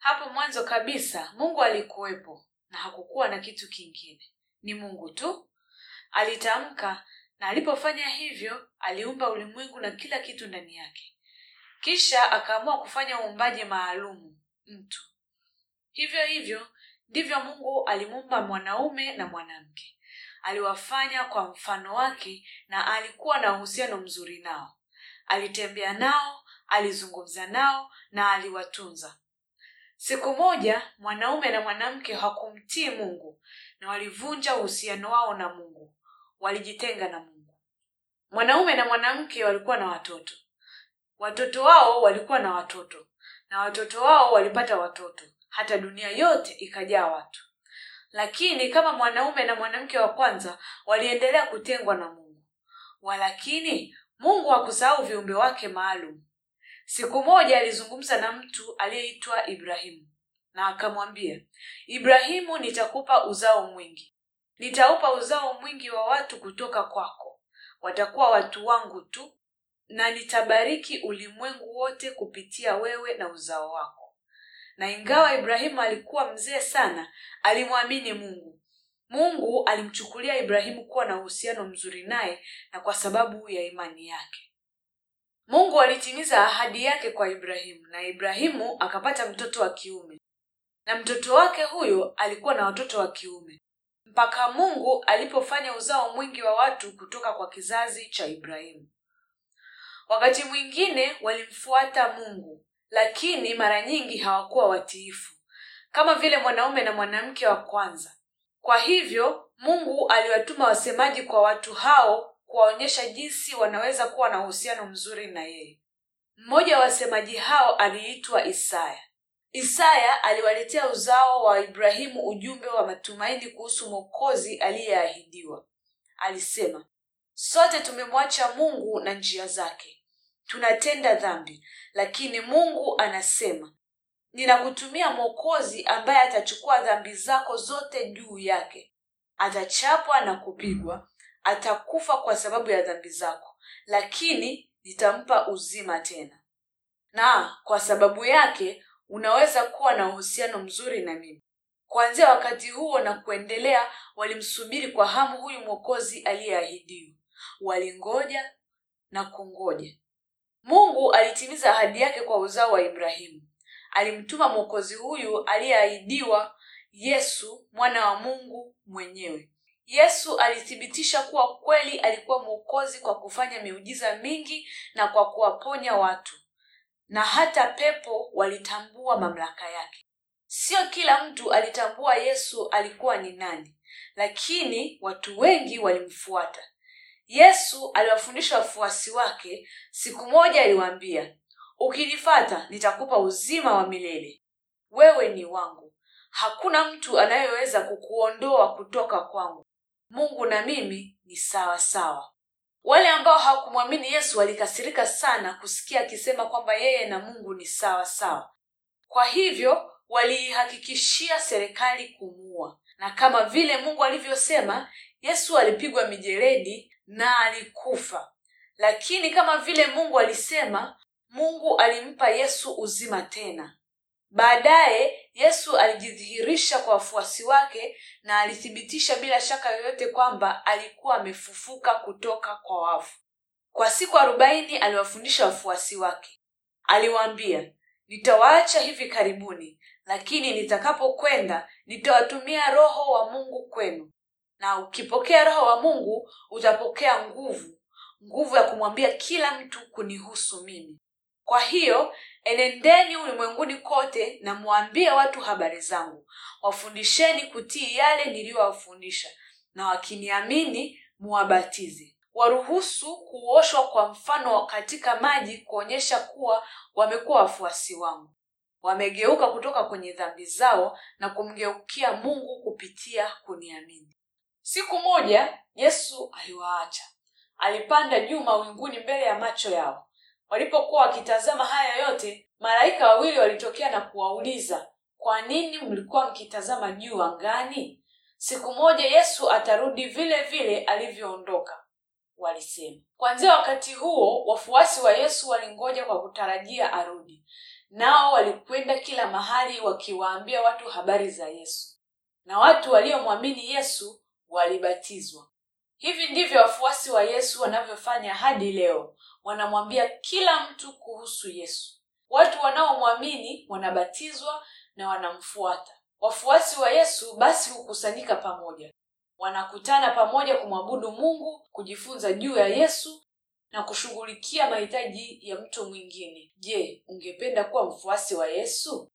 Hapo mwanzo kabisa Mungu alikuwepo na hakukuwa na kitu kingine, ni Mungu tu. Alitamka, na alipofanya hivyo aliumba ulimwengu na kila kitu ndani yake. Kisha akaamua kufanya uumbaji maalumu, mtu. Hivyo hivyo ndivyo Mungu alimuumba mwanaume na mwanamke, aliwafanya kwa mfano wake, na alikuwa na uhusiano mzuri nao. Alitembea nao, alizungumza nao na aliwatunza siku moja mwanaume na mwanamke hawakumtii mungu na walivunja uhusiano wao na mungu walijitenga na mungu mwanaume na mwanamke walikuwa na watoto watoto wao walikuwa na watoto na watoto wao walipata watoto hata dunia yote ikajaa watu lakini kama mwanaume na mwanamke wa kwanza waliendelea kutengwa na mungu walakini mungu hakusahau viumbe wake maalum siku moja alizungumza na mtu aliyeitwa ibrahimu na akamwambia ibrahimu nitakupa uzao mwingi nitaupa uzao mwingi wa watu kutoka kwako watakuwa watu wangu tu na nitabariki ulimwengu wote kupitia wewe na uzao wako na ingawa ibrahimu alikuwa mzee sana alimwamini mungu mungu alimchukulia ibrahimu kuwa na uhusiano mzuri naye na kwa sababu ya imani yake mungu alitimiza ahadi yake kwa ibrahimu na ibrahimu akapata mtoto wa kiume na mtoto wake huyo alikuwa na watoto wa kiume mpaka mungu alipofanya uzao mwingi wa watu kutoka kwa kizazi cha ibrahimu wakati mwingine walimfuata mungu lakini mara nyingi hawakuwa watiifu kama vile mwanaume na mwanamke wa kwanza kwa hivyo mungu aliwatuma wasemaji kwa watu hao kuwaonyesha jinsi wanaweza kuwa na uhusiano mzuri na yeye mmoja wa wasemaji hao aliitwa isaya isaya aliwaletea uzao wa ibrahimu ujumbe wa matumaini kuhusu mwokozi aliyeahidiwa alisema sote tumemwacha mungu na njia zake tunatenda dhambi lakini mungu anasema ninakutumia mwokozi ambaye atachukua dhambi zako zote juu yake atachapwa na kupigwa atakufa kwa sababu ya dhambi zako, lakini nitampa uzima tena, na kwa sababu yake unaweza kuwa na uhusiano mzuri na mimi. Kuanzia wakati huo na kuendelea, walimsubiri kwa hamu huyu mwokozi aliyeahidiwa. Walingoja na kungoja. Mungu alitimiza ahadi yake kwa uzao wa Ibrahimu. Alimtuma mwokozi huyu aliyeahidiwa, Yesu mwana wa Mungu mwenyewe yesu alithibitisha kuwa kweli alikuwa mwokozi kwa kufanya miujiza mingi na kwa kuwaponya watu na hata pepo walitambua mamlaka yake sio kila mtu alitambua yesu alikuwa ni nani lakini watu wengi walimfuata yesu aliwafundisha wafuasi wake siku moja aliwaambia ukinifata nitakupa uzima wa milele wewe ni wangu hakuna mtu anayeweza kukuondoa kutoka kwangu mungu na mimi ni sawa sawa wale ambao hawakumwamini yesu walikasirika sana kusikia akisema kwamba yeye na mungu ni sawa sawa kwa hivyo waliihakikishia serikali kum'ua na kama vile mungu alivyosema yesu alipigwa mijeledi na alikufa lakini kama vile mungu alisema mungu alimpa yesu uzima tena baadaye yesu alijidhihirisha kwa wafuasi wake na alithibitisha bila shaka yoyote kwamba alikuwa amefufuka kutoka kwa wafu kwa siku arobaini aliwafundisha wafuasi wake aliwaambia nitawaacha hivi karibuni lakini nitakapokwenda nitawatumia roho wa mungu kwenu na ukipokea roho wa mungu utapokea nguvu nguvu ya kumwambia kila mtu kunihusu mimi kwa hiyo enendeni ulimwenguni kote na mwambie watu habari zangu, wafundisheni kutii yale niliyowafundisha, na wakiniamini muwabatize waruhusu kuoshwa kwa mfano katika maji kuonyesha kuwa wamekuwa wafuasi wangu. Wamegeuka kutoka kwenye dhambi zao na kumgeukia Mungu kupitia kuniamini. Siku moja Yesu aliwaacha, alipanda juu mawinguni mbele ya macho yao. Walipokuwa wakitazama haya yote, malaika wawili walitokea na kuwauliza, kwa nini mlikuwa mkitazama juu angani? Siku moja Yesu atarudi vile vile alivyoondoka, walisema. Kuanzia wakati huo, wafuasi wa Yesu walingoja kwa kutarajia arudi, nao walikwenda kila mahali wakiwaambia watu habari za Yesu, na watu waliomwamini Yesu walibatizwa hivi ndivyo wafuasi wa yesu wanavyofanya hadi leo wanamwambia kila mtu kuhusu yesu watu wanaomwamini wanabatizwa na wanamfuata wafuasi wa yesu basi hukusanyika pamoja wanakutana pamoja kumwabudu mungu kujifunza juu ya yesu na kushughulikia mahitaji ya mtu mwingine je ungependa kuwa mfuasi wa yesu